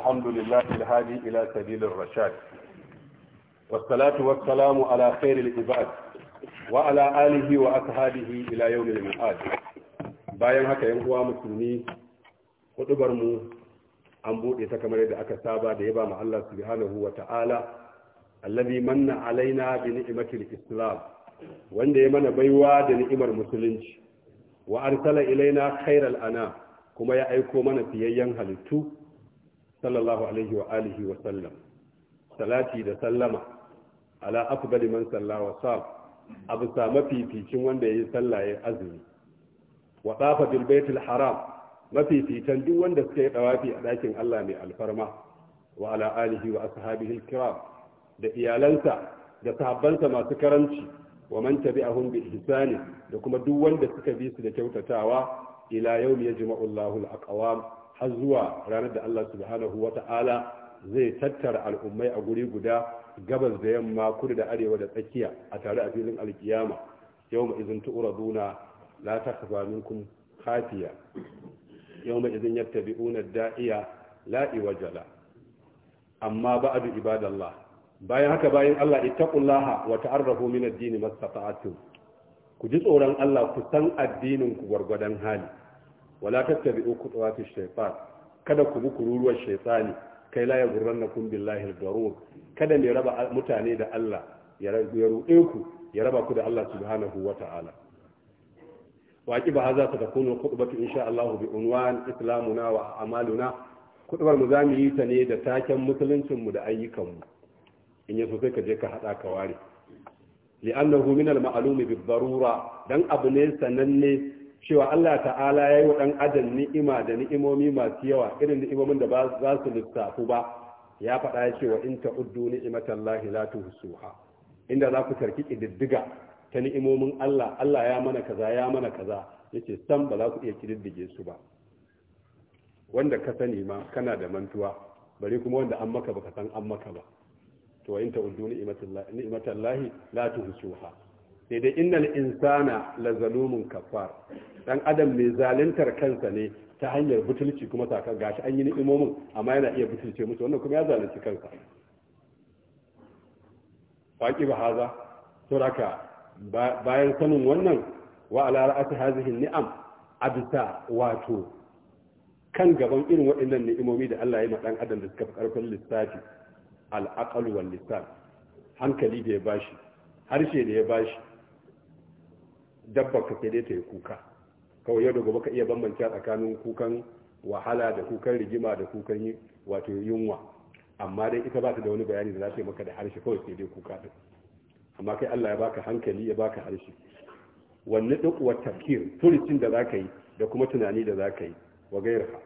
الحمد لله الهادي إلى سبيل الرشاد والصلاة والسلام على خير العباد وعلى آله وأصحابه إلى يوم المعاد bayan haka yan uwa musulmi hudubar mu an bude ta kamar yadda aka saba da ya ba mu Allah subhanahu wa ta'ala allazi manna alaina bi ni'matil islam wanda ya mana baiwa da ni'imar musulunci wa arsala ilaina khairal ana kuma ya aiko mana fiyayyen halittu sallallahu alaihi wa alihi wa sallam salati da sallama ala afdali man salla wa sal abu sa mafificin wanda yayi sallah yayi azumi wa tafa bil baitil haram mafificin duk wanda suka yi dawafi a dakin Allah mai alfarma wa ala alihi wa ashabihi da iyalansa da sahabbansa masu karanci wa man tabi'ahum bi ihsani da kuma duk wanda suka bi su da kyautatawa ila yawmi yajma'u Allahu al-aqwam har zuwa ranar da Allah subhanahu wa ta'ala zai tattara al'ummai a guri guda gabas da yamma kudu da arewa da tsakiya a tare a filin alkiyama yau ma izin tu'raduna la kafa minkum khafiya yau ma izin yattabi'una da'iya la iwajala amma ba'du ibadallah bayan haka bayan Allah ittaqullaha wa ta'arrafu min ad-din mastata'tum ku ji tsoron Allah ku san addinin ku gwargwadon hali wala tattabi'u khutuwati shaytan kada ku bi kururuwar shaytani kai la yaghurrannakum billahi al-gharur kada ne raba mutane da Allah ya ruɗe ku ya raba ku da Allah subhanahu wa ta'ala وعقبها هذا ستكون الخطبة إن شاء الله بعنوان إسلامنا zamu yi ta ne da taken musuluncinmu da ayyukanmu in yaso sai ka je ka hada ka ware li'annahu min al malumi bi darura dan abu ne sananne cewa Allah ta'ala ya yi wa ɗan adam ni'ima da ni'imomi masu yawa irin ni'imomin da za su lissafu ba ya faɗa ya cewa in ta ni'imatan lahi la tuhsuha inda za ku tarki kididdiga ta ni'imomin Allah Allah ya mana kaza ya mana kaza yace san ba za ku iya kididdige su ba wanda ka sani ma kana da mantuwa bare kuma wanda an maka baka san an maka ba to in ta ni'imatan lahi la tuhsuha sai dai innal insana la zalumun kafar dan adam mai zaluntar kansa ne ta hanyar butulci kuma sakan gashi an yi ni'imomin amma yana iya butulce musu wannan kuma ya zalunci kansa faƙi ba haza suraka bayan sanin wannan wa ala ra'ati ni'am abisa wato kan gaban irin waɗannan ni'imomi da Allah ya ma ɗan adam da suka fi karfin lissafi al-aqal wal hankali da ya bashi harshe da ya bashi dabba ka sai dai ta yi kuka kawai yau da gobe ka iya bambanta tsakanin kukan wahala da kukan rigima da kukan wato yunwa amma dai ita ba ta da wani bayani da za ta yi maka da harshe kawai sai dai kuka ɗin amma kai Allah ya baka hankali ya baka harshe wanne duk wa tafkir furucin da zaka yi da kuma tunani da zaka yi wa gairha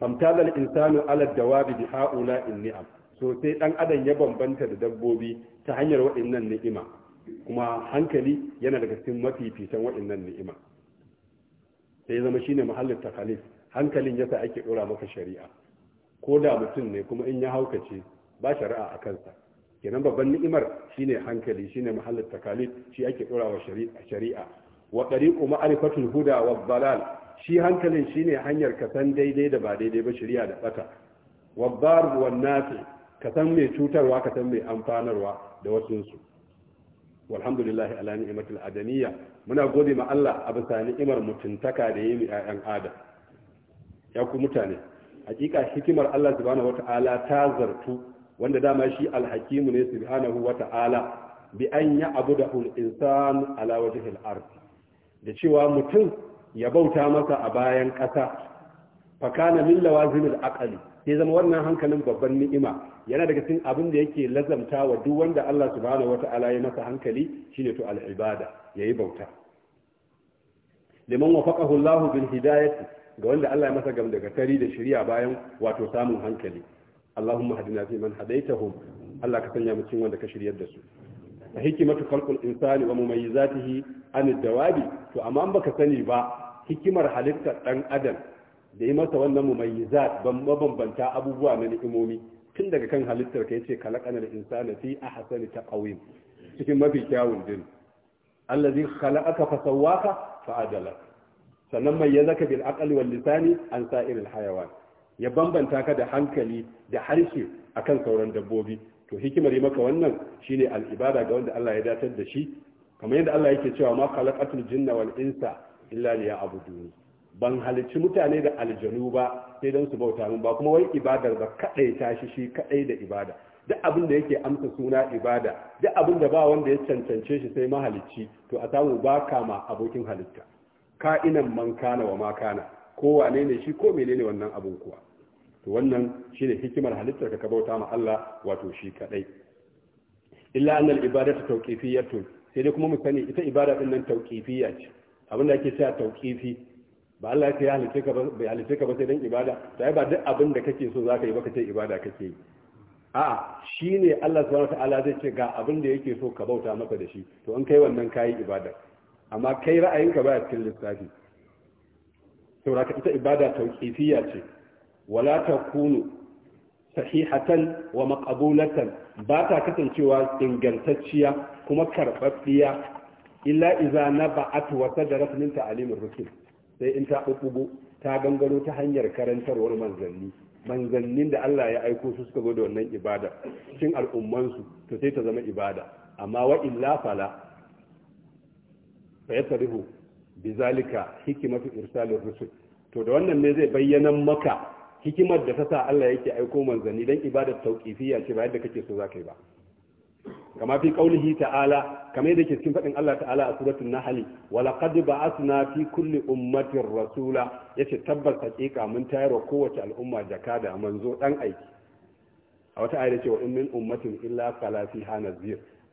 amtala al-insanu ala dawabi bi haula ni'am so sai dan adam ya bambanta da dabbobi ta hanyar waɗannan ni'ima kuma hankali yana daga cikin mafificin waɗannan ni'ima sai zama shine mahallin takalif hankalin yasa ake dora maka shari'a ko da mutum ne kuma in ya haukace ba shari'a a kansa kenan babban ni'imar shine hankali shine mahallin takalif shi ake dora wa shari'a wa tariqu ma'rifatul huda wa dhalal shi hankalin shine hanyar ka san daidai da ba daidai ba shari'a da bata wa dar wan nafi ka san mai cutarwa ka san mai amfanarwa da wasunsu walhamdulillahi ala ni'matil adamiyya muna gode ma Allah a bisa ni'imar mutuntaka da yayi ƴaƴan adam ya ku mutane hakika hikimar Allah subhanahu wata'ala ta zartu wanda dama shi alhakimu ne subhanahu wata'ala bi an ya abudahu al-insan ala wajhi al-ard da cewa mutum ya bauta masa a bayan ƙasa fakana min lawazimil aqli sai zama wannan hankalin babban ni'ima yana daga cikin abin da yake lazamta wa duk wanda Allah subhanahu wata'ala ya masa hankali shine to al-ibada yayi bauta liman wafaqahu Allah bil hidayati ga wanda Allah ya masa gam daga tari da shari'a bayan wato samun hankali Allahumma hadina fi man hadaitahum Allah ka sanya mu cikin wanda ka shiryar da su fa hikimatu khalqul insani wa mumayyizatihi an dawabi to amma baka sani ba hikimar halitta dan adam da yi masa wannan mumayyizat ban mabambanta abubuwa na ni'imomi tun daga kan halittar ka yace khalaqana al-insana fi ahsani taqwim cikin mafi kyawun din allazi khalaqaka fa sawwaka fa adala sannan zaka bil aqli wal lisani an irin hayawan ya bambanta ka da hankali da harshe akan sauran dabbobi to hikimar yi maka wannan shine al-ibada ga wanda Allah ya datar da shi kamar yadda Allah yake cewa ma khalaqatul jinna wal insa illa liya'budun ban halicci mutane da aljanu ba sai don su bauta min ba kuma wai ibadar ba kadai tashi shi kadai da ibada duk abin da yake amsa suna ibada duk abin da ba wanda ya cancance shi sai mahalicci to a samu ba kama abokin halitta ka'inan man kana wa ma kana ko wane ne shi ko menene wannan abin kuwa to wannan shine hikimar halittar ka bauta ma Allah wato shi kadai illa annal ibadatu tawqifiyatun sai dai kuma mu sani ita ibada din nan tawqifiyya ce abin da ake cewa tawqifi ba Allah ya ce ya halice ka bai halice ka ba sai dan ibada sai ba duk abin da kake so zaka yi ba ce ibada kake yi a'a shine Allah subhanahu zai ce ga abin da yake so ka bauta masa da shi to in kai wannan kayi ibada amma kai ra'ayinka baya cikin lissafi saboda ita ibada tauqifiyya ce wala takunu sahihatan wa maqbulatan ba ta kasancewa ingantacciya kuma karbabbiya illa iza na ba'at wa sadarat min ta'alimur rusul sai in ta ɓuɓɓugo ta gangaro ta hanyar karantarwar manzanni manzannin da Allah ya aiko su suka zo da wannan ibada cikin al'ummansu to sai ta zama ibada amma wa illa fala fa bi bizalika hikimatu irsalir rusul to da wannan ne zai bayyana maka hikimar da ta sa Allah yake aiko manzanni dan ibadar tauqifiyya ce ba yadda kake so zakai ba kama fi kaulihi ta'ala kamar yadda ke cikin fadin Allah ta'ala a suratul nahl wa laqad ba'athna fi kulli ummatin rasula yace tabbas hakika mun tayarwa kowace al'umma jakada manzo dan aiki a wata ayar ce wa in min ummatin illa fala fiha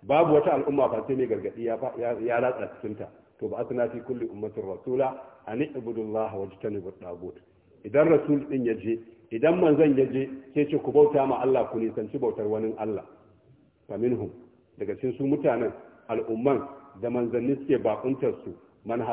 babu wata al'umma fa sai mai gargadi ya ya cikin ta to ba'athna fi kulli ummatin rasula an ibudullaha wajtanibu tagut idan rasul din ya je idan manzon ya je sai ce ku bauta ma Allah ku nisanci bautar wani Allah faminhum daga cikin su mutanen al'umman da manzanni suke bakuntar su man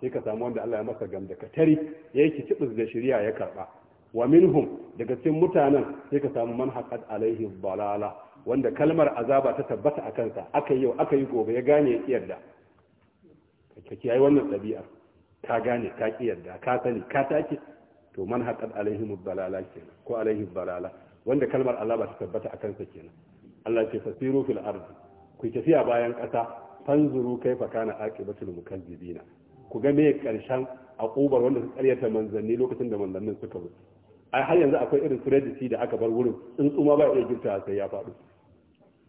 sai ka samu wanda Allah ya masa gamda katari ya yi kicibis da shari'a ya karba wa minhum daga cikin mutanen sai ka samu manhaqat alaihi balala wanda kalmar azaba ta tabbata a kansa aka yi aka yi gobe ya gane ya kiyarda ka kiyaye wannan ɗabi'ar ka gane ka yadda ka sani ka take to manhaqat alaihi balala kenan ko alaihi balala wanda kalmar ba ta tabbata a kansa kenan Allah ce fasiru fil ardi ku tafiya bayan ƙasa fanzuru kai fa kana aqibatul mukazzibina ku ga me karshen akubar wanda suka karyata manzanni lokacin da manzannin suka zo ai har yanzu akwai irin suredisi da aka bar wurin tsuma ba iya girta sai ya faɗo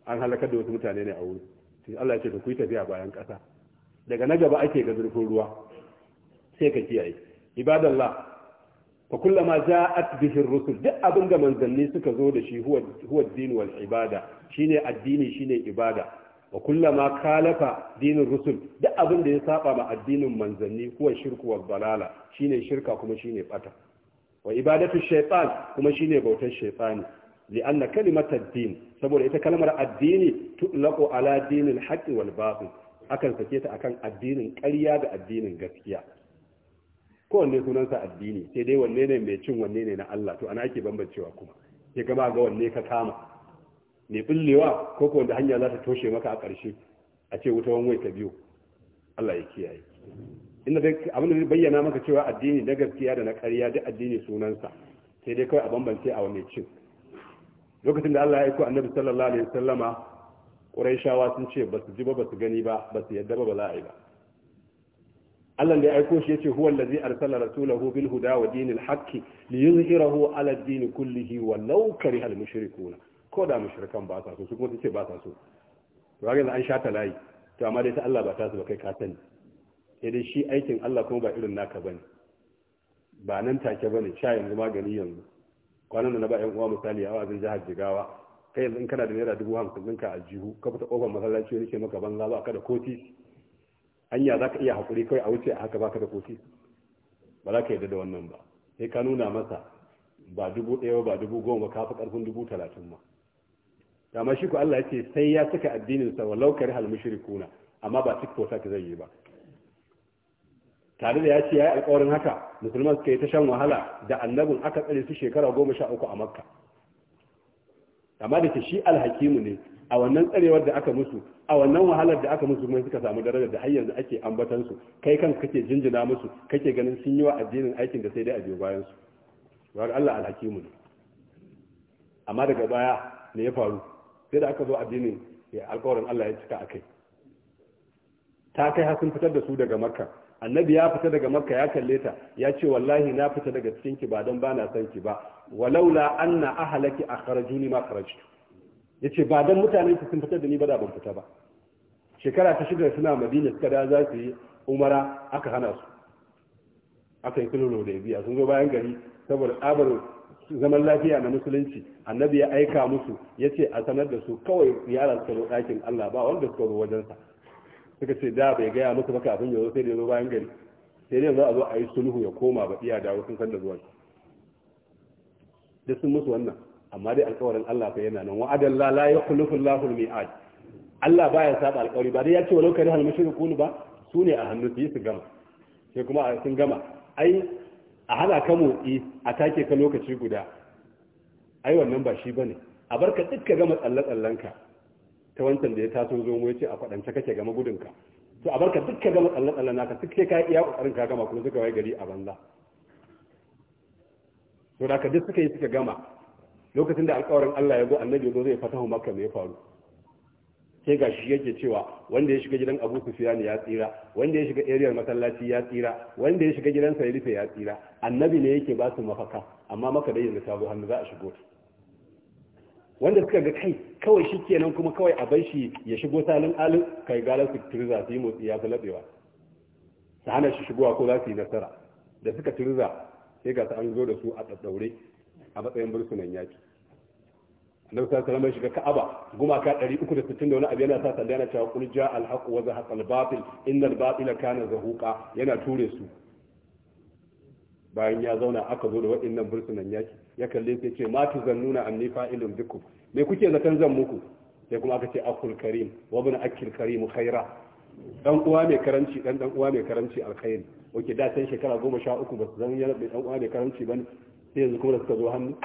an halakar da wasu mutane ne a wurin sai Allah ya ce ku yi tafiya bayan ƙasa daga na gaba ake ga zurfin ruwa sai ka kiyaye ibadallah fa kullama ja'at bihi rusul duk abin da manzanni suka zo da shi huwa din wal ibada shine addini shine ibada wa kullama kalafa dinin rusul duk abin da ya saba ma addinin manzanni huwa shirku wa balala shine shirka kuma shine bata wa ibadatu shaytan kuma shine bautar shaytani li'anna kalimata din saboda ita kalmar addini tutlaqu ala dinil haqqi wal batil akan sake ta akan addinin ƙarya da addinin gaskiya kowanne sunansa addini sai dai wanne ne mai cin wanne ne na Allah to ana ake bambancewa kuma sai ba ga wanne ka kama ne billewa ko ko wanda hanya za ta toshe maka a ƙarshe a ce wuta wani ka biyo Allah ya kiyaye inda dai abin da bayyana maka cewa addini na gaskiya da na ƙarya duk addini sunansa sai dai kawai a bambance a wanne cin lokacin da Allah ya aiko annabi sallallahu alaihi wasallama Qurayshawa sun ce ba su ji ba ba su gani ba ba su yadda ba ba za a yi ba Allah ya aiko shi yace huwa allazi arsala rasulahu bil huda wa dinil haqqi li yuzhirahu ala ad-din kullihi walau kariha al mushrikuna ko da mushrikan ba sa so su kuma ce ba sa so to ga an shata layi to amma dai ta Allah ba ta su kai ka sani idan shi aikin Allah kuma ba irin naka bane ba nan take bane sha yanzu magani yanzu kwanan na ba ƴan uwa misali a wazin jihar Jigawa kai yanzu in kana da naira dubu hamsin ɗinka a jihu ka fita ƙofar masallaci wani ke maka banza ba ka da koti hanya za ka iya haƙuri kawai a wuce a haka baka da kofi ba za ka yarda da wannan ba sai ka nuna masa ba dubu ɗaya ba dubu goma ka fi ƙarfin dubu talatin ma dama shi ku Allah ya ce sai ya cika addininsa wa laukar hal kuna amma ba tik ka zai yi ba tare da ya ce ya yi alƙawarin haka musulman suka yi ta shan wahala da annabin aka tsare su shekara goma sha uku a makka amma da ke shi alhakimu ne a wannan tsarewar da aka musu a wannan wahalar da aka musu kuma suka samu darajar da har yanzu ake ambatan su kai kanka kake jinjina musu kake ganin sun yi wa addinin aikin da sai dai a biyo bayan su wa Allah alhakimu ne amma daga baya ne ya faru sai da aka zo addinin ya alƙawarin Allah ya cika akai ta kai har sun fitar da su daga makka annabi ya fita daga makka ya kalle ta ya ce wallahi na fita daga cikin ki ba don ba na san ki ba walaula anna ahlaki akhrajuni ma kharajtu ya ce ba dan mutanen su sun fitar da ni ba da ban fita ba shekara ta shida suna madina suka da za su yi umara aka hana su aka yi sulhu da biya sun zo bayan gari saboda tsabar zaman lafiya na musulunci annabi ya aika musu ya ce a sanar da su kawai ziyara su zo ɗakin Allah ba wanda suka zo wajensa suka ce da bai gaya musu baka abin yanzu sai da zo bayan gari sai dai za a zo a yi sulhu ya koma ba iya dawo sun san da zuwa da sun musu wannan amma dai alƙawarin Allah fa yana nan wa'adan Allah la yukhlifu Allahu al-mi'ad Allah baya saba alƙawari ba dai ya ce walau kare hal mushrikun ba su ne a hannu su gama sai kuma sun gama ai a hana ka motsi a take ka lokaci guda ai wannan ba shi bane a barka dukka gama tsalle tsallanka ta wancan da ya taso zo mu yace a kwadance kake gama gudunka to a barka dukka gama tsalle tsallen naka duk sai ka iya kokarin ka gama kuma suka wai gari a banza to da ka duk suka yi suka gama lokacin da alƙawarin Allah ya zo annabi ya zo zai fatahu makka me ya faru sai ga shi yake cewa wanda ya shiga gidan abu sufiyan ya tsira wanda ya shiga eriyar masallaci ya tsira wanda ya shiga gidan sa rufe ya tsira annabi ne yake ba su mafaka amma maka dai yanzu ta zo hannu za a shigo wanda suka ga kai kawai shi kenan kuma kawai a bar shi ya shigo salin alin kai galar su tirza su yi motsi ya fi su hana shi shigowa ko za su yi nasara da suka tirza sai ga su an zo da su a ɗaɗɗaure a matsayin bursunan yaki annabi sallallahu alaihi shiga ka'aba gumaka 360 da wani abu yana sa sanda yana cewa kul ja al-haqq wa zahaqa al-batil al batil kana zahuqa yana ture su bayan ya zauna aka zo da waɗannan bursunan yaki ya kalle sai ce ma tuzannuna anni fa'ilun bikum me kuke zaton zan muku sai kuma aka ce akul karim wa bin akil karim khaira dan uwa mai karanci dan dan uwa mai karanci alkhairi oke da san shekara 13 ba su zan yana dan uwa mai karanci bane sai yanzu kuma da suka zo hannu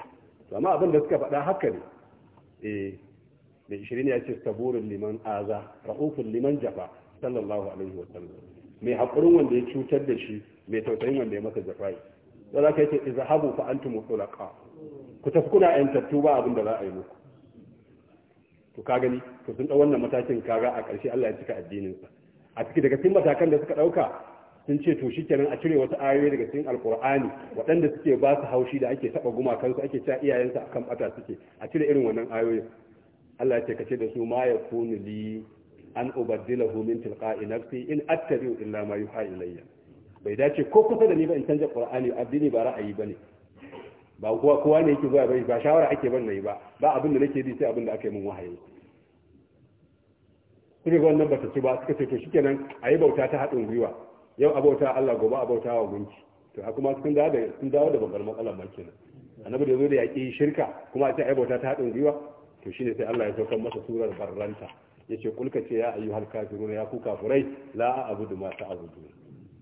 amma abin da suka faɗa haka ne eh da ishirin ya ce saburin liman aza ra'ufin liman jafa sallallahu alaihi wasallam mai haƙurin wanda ya cutar da shi mai tausayin wanda ya masa jafai da za ka yi ce izhabu fa antum mutlaqa ku tafi kuna tattu ba abin da za a yi muku to ka gani to sun ɗau wannan matakin kaga a ƙarshe Allah ya cika addinin sa a ciki daga cikin matakan da suka ɗauka sun ce to shikenan a cire wasu ayoyi daga cikin alkur'ani waɗanda suke ba su haushi da ake taɓa gumakansu ake cewa iyayensu akan bata suke a cire irin wannan ayoyi Allah ya ce kace da su ma ya kunu li an ubaddilahu min tilqa'i nafsi in attabi'u illa ma yuha ilayya bai dace ko kusa da ni ba in canja qur'ani addini ba ra'ayi bane ba kowa kowa ne yake zuwa bai ba shawara ake ban nayi ba ba abin da nake ji sai abin da aka yi min wahayi suka ga wannan ta ci ba suka ce to shikenan ayi bauta ta haɗin gwiwa yau abauta Allah gobe abauta wa gunki to haka kuma sun dawo da sun dawo da bangar matsalar ma kenan annabi da zo da yaƙi shirka kuma sai ce aibauta ta haɗin gwiwa to shine sai Allah ya saukar masa surar barranta yace kulka ce ya ayyuhal kafiruna ya ku kafurai la a'budu ma ta'budu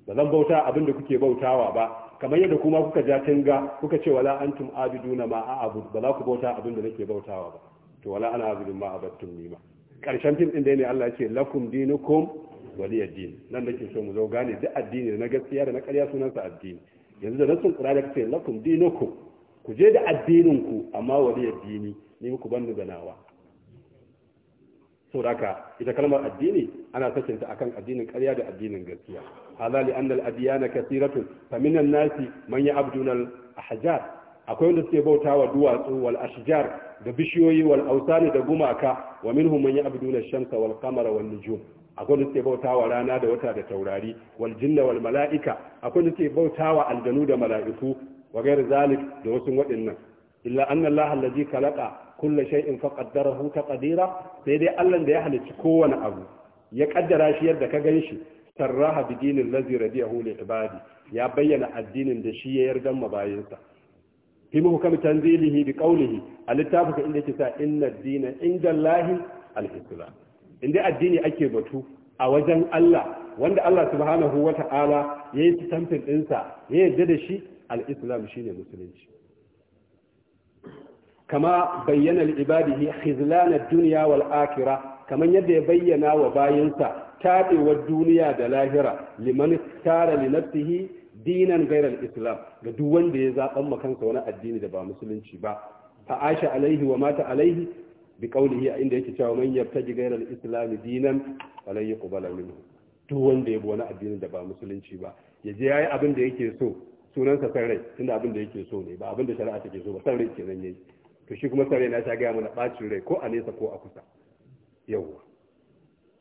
ba zan bauta abinda kuke bautawa ba kamar yadda kuma kuka ja tinga kuka ce wala antum abiduna ma a'budu ba za ku bauta abinda nake bautawa ba to wala ana abudu ma abattum nima karshen fim din dai ne Allah ya ce lakum dinukum waliyar dini nan nake so mu zo gane duk addini da na gaskiya da na ƙarya sunansa addini yanzu da nasun ƙura da kace lakum dinukum ku je da addinin ku amma waliyar dini ni muku bandu da nawa saboda ita kalmar addini ana sakinta akan addinin ƙarya da addinin gaskiya hadha li anna al-adyana kathiratun nasi man ya'buduna al-ahjar akwai wanda suke bautawa duwatsu wal ashjar da bishiyoyi wal awsani da gumaka wa minhum man ya'buduna ash-shamsa wal qamara wal nujum akwai da suke bautawa rana da wata da taurari wal jinna wal mala'ika akwai da suke bautawa aljanu da mala'iku wa ghair zalik da wasu waɗannan illa anna Allah allazi khalaqa kulla shay'in fa qaddarahu taqdira sai dai Allah da ya halicci kowane abu ya kaddara shi yadda ka ganshi sarraha bi dinin allazi radiyahu li ibadi ya bayyana addinin da shi ya yarda mabayinsa fi muhkam tanzilihi bi qawlihi al-littafi inda yake sa inna ad-dina inda Allah al-islam inda addini ake batu a wajen Allah wanda Allah subhanahu wa ta'ala ya yi tamfin ɗinsa ya yarda da shi al'islam shi ne musulunci kama bayyana al'ibadihi hizlana duniya wal akira kamar yadda ya bayyana wa bayansa taɗewar duniya da lahira liman tara li dinan gairar islam ga duk wanda ya zaɓan makansa wani addini da ba musulunci ba aisha alaihi wa mata alaihi bi qawlihi inda yake cewa man ta ghayra al-islam dinan falan yuqbala minhu duk wanda ya bi wani addinin da ba musulunci ba ya je yayi abin da yake so sunan san rai tunda abin da yake so ne ba abin da shari'a take so ba san rai kenan yayi to shi kuma sarai rai na ta ga mana bacin rai ko a nesa ko a kusa yawwa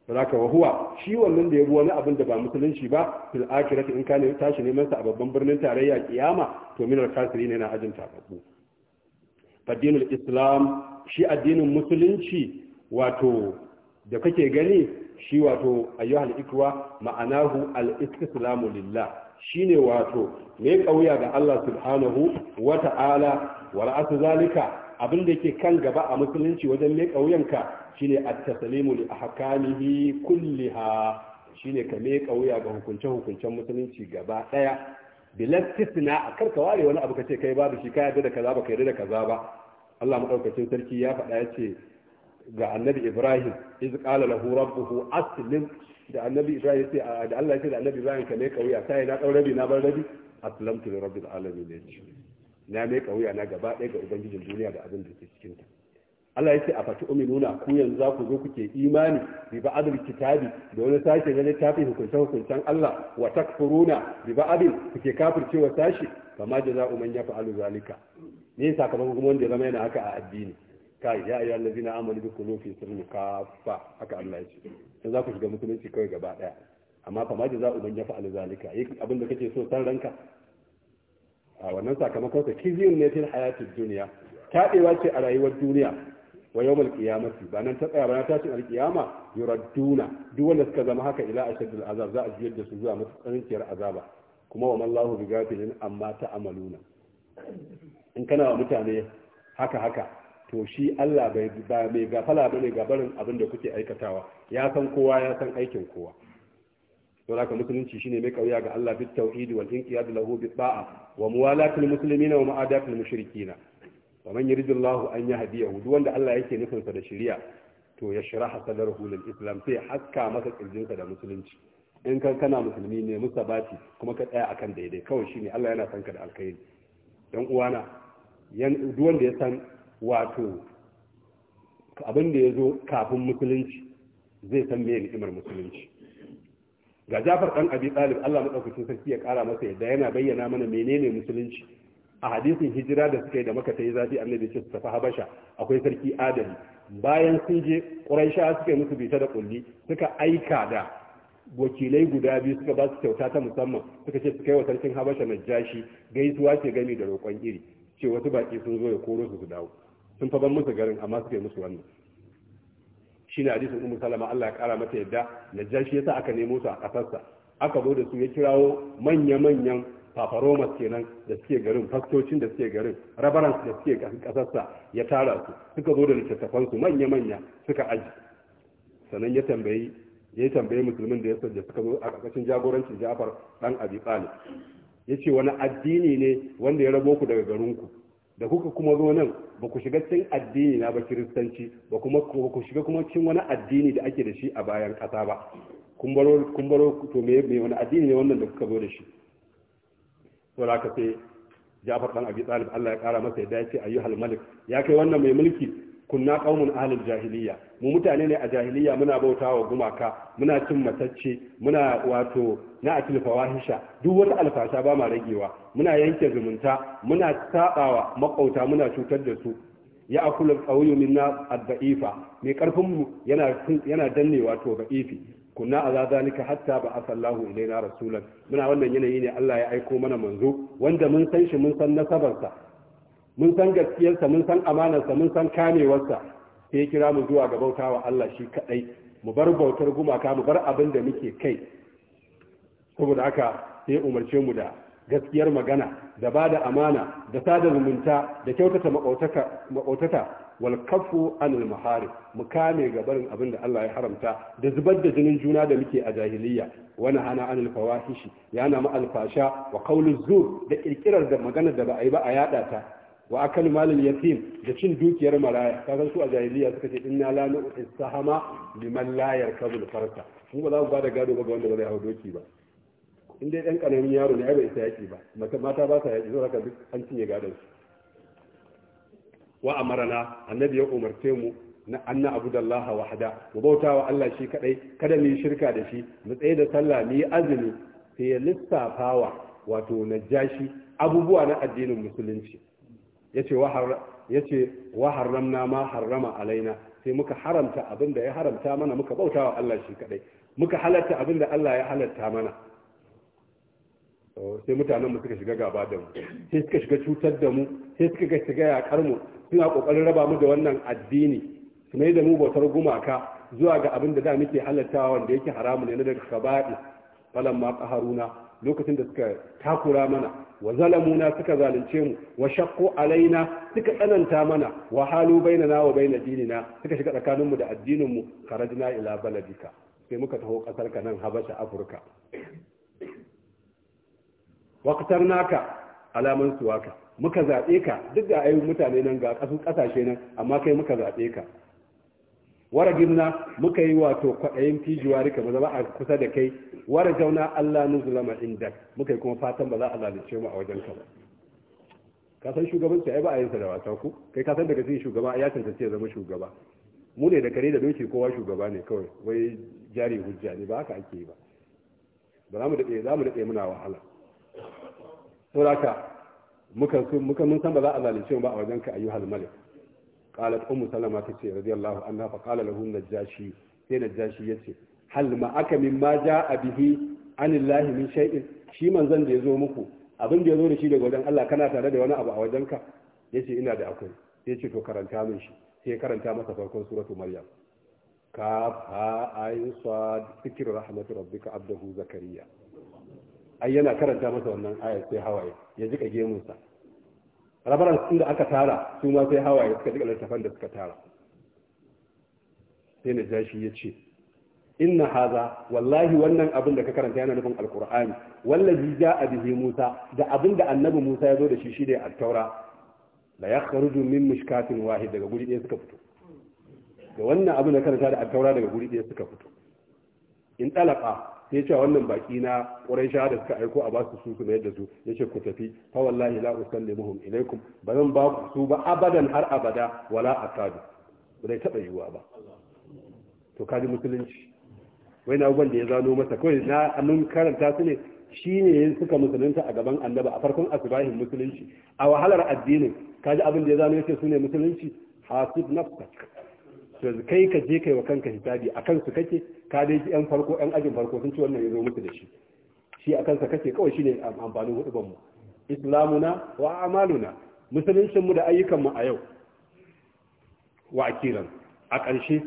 zaka wa huwa shi wannan da ya bi wani abin da ba musulunci ba fil akhirati in kana tashi neman sa a babban birnin tarayya kiyama to minar kasiri ne na ajin tafafu fadinul islam shi addinin musulunci wato da kake gani shi wato ayyuhal ikwa ma'anahu al islamu lillah shine wato mai kauya ga Allah subhanahu wa ta'ala wa ra'atu zalika abinda yake kan gaba a musulunci wajen mai kauyanka shine at-taslimu li ahkamihi kulliha shine ka mai kauya ga hukunce hukuncen musulunci gaba daya bilan tisna a karka ware wani abu kace kai babu shi ka yarda da kaza ba ka yarda da kaza ba Allah madaukakin sarki ya faɗa ya ce ga annabi Ibrahim iz qala lahu rabbuhu aslim da annabi Ibrahim sai da Allah ya ce da annabi Ibrahim ka ne kauya sai na daura rabi na bar rabi aslamtu li alamin ne na mai kauya na gaba ɗaya ga ubangijin duniya da abin da ke cikin ta Allah ya ce a fati umiruna ku yanzu za ku zo kuke imani bi ba'adul kitabi da wani sashe na littafin hukunta hukuncen Allah wa takfuruna bi ba'adil kuke kafircewa sashi kama jaza'u man yaf'alu zalika ne sakamakon kuma wanda ya zama yana haka a addini kai ya ayyuhal ladina amanu bi qulubi sirrin kafa haka Allah ya ce sai za ku shiga musulunci kawai gaba daya amma kama jaza'u man yaf'alu zalika abin da kake so san ranka a wannan sakamakon sa kizin ne fil hayatid dunya kadewa ce a rayuwar duniya wa yawmal qiyamati ba nan ta tsaya ba na tashin alqiyama yuradduna duk wanda suka zama haka ila ashaddul azab za a jiyar da su zuwa matsananciyar azaba kuma wa mallahu bi gafilin amma amaluna. in kana wa mutane haka haka to shi Allah bai ba mai gafala bane ga barin abin da kuke aikatawa ya san kowa ya san aikin kowa don haka musulunci shine mai kauya ga Allah bi tauhid wal inqiyad lahu bit ta'a wa muwalatil muslimina wa ma'adatil mushrikina wa man yuridillahu an yahdiyahu duk wanda Allah yake nufin sa da shari'a to ya sharaha sadarhu lil islam sai haska masa kirjinsa da musulunci in kan kana musulmi ne musabati kuma ka tsaya akan daidai kawai shine Allah yana san ka da alkhairi dan uwana yan duk wanda ya san wato abin da ya zo kafin musulunci zai san meye ni'imar musulunci ga jafar dan abi talib Allah madaukakin sarki ya kara masa yadda yana bayyana mana menene musulunci a hadisin hijira da suka yi da maka ta yi zafi annabi ce su tafi habasha akwai sarki adali bayan sun je ƙuraisha suka musu bita da kulli suka aika da wakilai guda biyu suka ba su kyauta ta musamman suka ce su kai wa sarkin habasha na jashi gaisuwa ce gami da roƙon iri ce wasu baƙi sun zo ya koro su su dawo sun fa ban musu garin amma suka yi musu wannan shi ne hadisin umar salama Allah ya kara mata yadda na jashi ya sa aka nemo su a kasarsa aka zo da su ya kirawo manya-manyan fafaromas kenan da suke garin fastocin da suke garin rabarans da suke kasarsa ya tara su suka zo da littattafansu manya-manya suka aji sannan ya tambayi ya tambayi musulmin da ya da suka zo a ƙarƙashin jagorancin jafar ɗan abi talib ya ce wani addini ne wanda ya rabo ku daga garinku da kuka kuma zo nan ba ku shiga cikin addini na ba kiristanci ba kuma ku shiga kuma cikin wani addini da ake da shi a bayan ƙasa ba kun baro to me wani addini ne wannan da kuka zo da shi saboda da sai, Ja'far dan Abi Talib Allah ya kara masa yadda ya ce ayyuhal malik ya kai wannan mai mulki kunna qaumun ahlul jahiliyya mu mutane ne a jahiliya muna bautawa gumaka muna cin matacce muna wato na atil fawahisha duk wata alfasha ba ma ragewa muna yanke zumunta muna sabawa makauta muna cutar da su ya akulu qawlu minna ad-da'ifa mai karfin mu yana yana danne wato ba'ifi kunna a zazalika hatta ba asallahu na rasulan muna wannan yanayi ne Allah ya aiko mana manzo wanda mun san shi mun san nasabarsa mun san gaskiyarsa mun san amanarsa mun san kamewarsa sai ya kira mu zuwa ga bautawa Allah shi kadai mu bar bautar gumaka mu bar abin da muke kai saboda haka sai umarce mu da gaskiyar magana da ba da amana da sada zumunta da kyautata maƙautaka wal kafu anil mahari mu kame gabarin abin da Allah ya haramta da zubar da jinin juna da muke a jahiliya wani hana anil fawahishi ya na alfasha wa qawlu zur da kirkirar da magana da ba a yi ba a yada ta wa akal malil yatim da cin dukiyar maraya kaga su a jahiliya suka ce inna la istahama liman la yarkabul farsa mu ba za mu bada gado ba ga wanda ba zai hawo doki ba in dai dan karamin yaro ne ai bai isa yaki ba mata ba sa yaki haka duk an cinye gadon su wa amarana annabi ya umarce mu na anna abudallaha wahda mu bautawa Allah shi kadai kada mu shirka da shi mu tsaye da sallah mu yi azumi sai ya lissafawa wato najashi abubuwa na addinin musulunci yace wa yace wa harramna ma harrama alaina sai muka haramta abin da ya haramta mana muka bautawa Allah shi kadai muka halatta abin da Allah ya halatta mana sai mutanen mu suka shiga gaba da mu sai suka shiga cutar da mu sai suka ga shiga yakar mu suna kokarin raba mu da wannan addini su mai da mu bautar gumaka zuwa ga abin da da muke halattawa wanda yake haramun ne na daga kaba'i falan ma qaharuna lokacin da suka takura mana wa zalamuna suka zalunce mu wa shaqqu alaina suka tsananta mana wa halu bainana wa dini na suka shiga tsakanin mu da addinin mu kharajna ila baladika sai muka taho kasar ka nan habasha afirka waqtar naka alaman suwaka muka zaɓe ka duk da ayyukan mutane nan ga kasu kasashe nan amma kai muka zaɓe ka na muka yi wato kwaɗayin fijiwari ka zama a kusa da kai wara jauna Allah nu zulama inda muka yi kuma fatan ba za a lalace mu a wajen ka ba ka san shugaban ai ba a yin sa da wasa ku kai ka san daga cikin shugaba ya tantance zama shugaba mu ne da kare da doki kowa shugaba ne kawai wai jari hujja ne ba haka ake yi ba ba za mu daɗe za mu daɗe muna wahala saboda muka muka mun san ba za a zalunce ba a wajen ka ayyuhal malik qalat ummu salama ce radiyallahu anha fa qala lahu najashi sai najashi yace hal ma aka min ma jaa bihi anillahi min shay'in shi manzon da yazo muku abin da yazo da shi daga wajen Allah kana tare da wani abu a wajen ka yace ina da akwai sai yace to karanta min shi sai karanta masa farkon suratu maryam kaf ha ayin sad fikr rahmatu rabbika abduhu zakariya ai yana karanta masa wannan ayar sai hawaye ya jika gemunsa rabaran sun da aka tara su ma sai hawaye suka jika littafan da suka tara sai na jashi ya ce inna haza wallahi wannan abin da ka karanta yana nufin alkur'ani wallazi ja'a bihi musa da abin da annabi musa ya zo da shi shine at-taura la yakhruju min mishkatin wahid daga guri ɗaya suka fito da wannan abin da karanta da at-taura daga guri ɗaya suka fito in talaqa sai ce wannan baki na sha da suka aiko a basu su su yadda su ya ce ku tafi fa wallahi la usallimuhum ilaikum ba zan ba ku su ba abadan har abada wala ba zai taɓa yiwuwa ba to kaji musulunci wai na da ya zano masa kawai na annun karanta su ne shi ne suka musulunta a gaban annaba a farkon asibahin musulunci a wahalar addinin kaji abin da ya zano ya ce su ne musulunci hasib nafsak to kai ka je kai wa kanka hisabi a kansu kake ka dai yan farko yan ajin farko sun ci wannan ya zo musu da shi shi a kansa kake kawai shine amfanin hudubar mu islamuna wa amaluna musuluncin mu da ayyukan mu a yau wa akiran a ƙarshe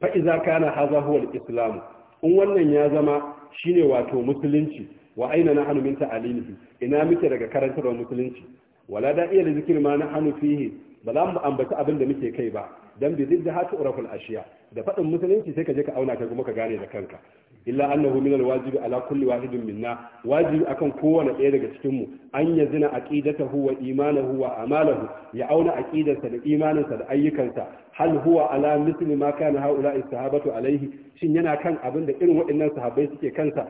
fa iza kana haza huwa al in wannan ya zama shine wato musulunci wa aina nahnu min ta'alimihi ina muke daga karantarwar musulunci wala da iya da zikir ma nahnu fihi ba za mu ambaci abin da muke kai ba dan bi zidda hatu uraful ashiya da fadin musulunci sai ka je ka auna kai kuma ka gane da kanka illa annahu min alwajibi ala kulli wahidin minna wajibi akan kowane ɗaya daga cikin mu an yazina aqidatahu wa imanahu wa amalahu ya auna aqidarsa da imaninsa da ayyukansa hal huwa ala misli ma kana haula sahabatu alaihi shin yana kan abin da irin waɗannan sahabbai suke kansa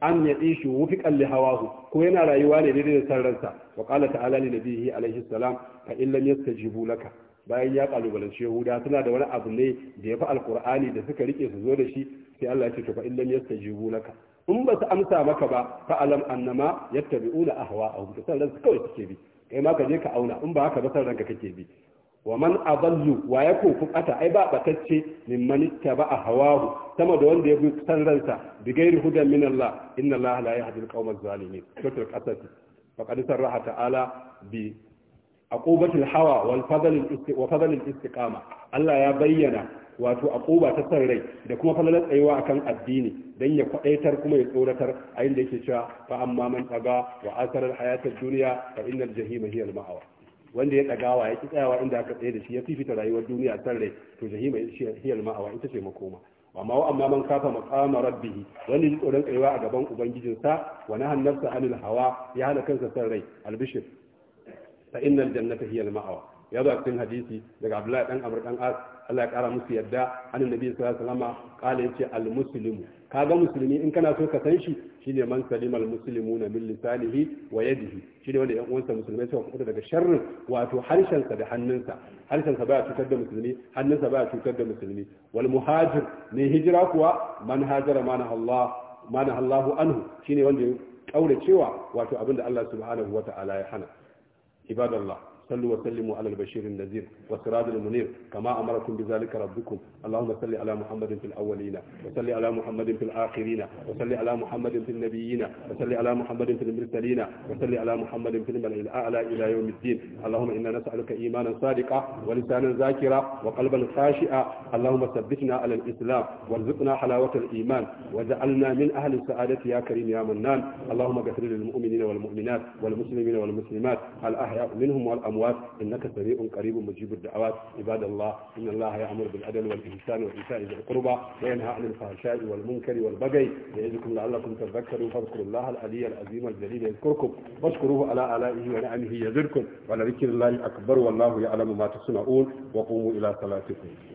am ya ishi wufiqan li hawahu ko yana rayuwa ne daidai da san ransa wa qala ta'ala li nabiyhi alaihi salam fa in yastajibu laka bayan ya kalubalanci yahuda suna da wani abu ne da ya fi alkur'ani da suka rike su zo da shi sai Allah ya ce to fa in lam yastajibu laka in ba su amsa maka ba fa alam annama yattabi'una ahwa'ahum to sannan su kawai kake bi kai ma ka je ka auna in ba haka ba san ranka kake bi wa man adallu wa ya fukata ai ba batacce mimman ittaba'a hawahu sama da wanda ya bi san ransa bi gairi hudan min Allah inna Allah la yahdi al-qawma adh-dhalimin suratul qasas faqad sarraha ta'ala bi aqubatul hawa wa fadl istiqama Allah ya bayyana wato aquba ta san rai da kuma falalar tsayuwa akan addini dan ya kwaɗaitar kuma ya tsoratar a inda yake cewa fa amma man taga wa asara al hayat fa innal jahima hiya al ma'awa wanda ya ɗagawa ya ki tsayawa inda aka tsaye da shi ya fifita rayuwar duniya san rai to jahima hiya al ma'awa ita ce makoma amma wa amma man kafa maqama rabbih wanda ji tsoron tsayuwa a gaban ubangijinsa wa nahan nafsa anil hawa ya hana kansa san rai albishir fa innal jannata hiya al-ma'wa ya zo a cikin hadisi daga Abdullahi dan Amr dan As Allah ya kara musu yadda annabi sallallahu alaihi wasallam kala yace al-muslimu kaga musulmi in kana so ka san shi shine man salima al-muslimuna min lisanihi wa yadihi shine wanda yan uwansa musulmai suka kuɗa daga sharrin wato harshensa da hannunsa harshensa baya cutar da musulmi hannunsa baya cutar da musulmi wal muhajir ne hijira kuwa man hajara mana Allah mana Allahu anhu shine wanda ya kaure cewa wato abinda Allah subhanahu ta'ala ya hana عباد الله صلوا وسلموا على البشير النذير والسراج المنير كما أمركم بذلك ربكم اللهم صل على محمد في الأولين وصل على محمد في الآخرين وصل على محمد في النبيين وصل على محمد في المرسلين وصل على محمد في الملأ الأعلى إلى يوم الدين اللهم إنا نسألك إيمانا صادقا ولسانا ذاكرا وقلبا خاشئا اللهم ثبتنا على الإسلام وارزقنا حلاوة الإيمان وجعلنا من أهل السعادة يا كريم يا منان اللهم كثر للمؤمنين والمؤمنات والمسلمين والمسلمات الأحياء منهم والأموات الخوات إنك سريع قريب مجيب الدعوات عباد الله إن الله يأمر بالعدل والإحسان وإيتاء ذي القربى وينهى عن الفحشاء والمنكر والبغي يعظكم لعلكم تذكرون فاذكروا الله العلي العظيم الجليل يذكركم واشكروه على آلائه ونعمه يزدكم ولذكر الله أكبر والله يعلم ما تصنعون وقوموا إلى صلاتكم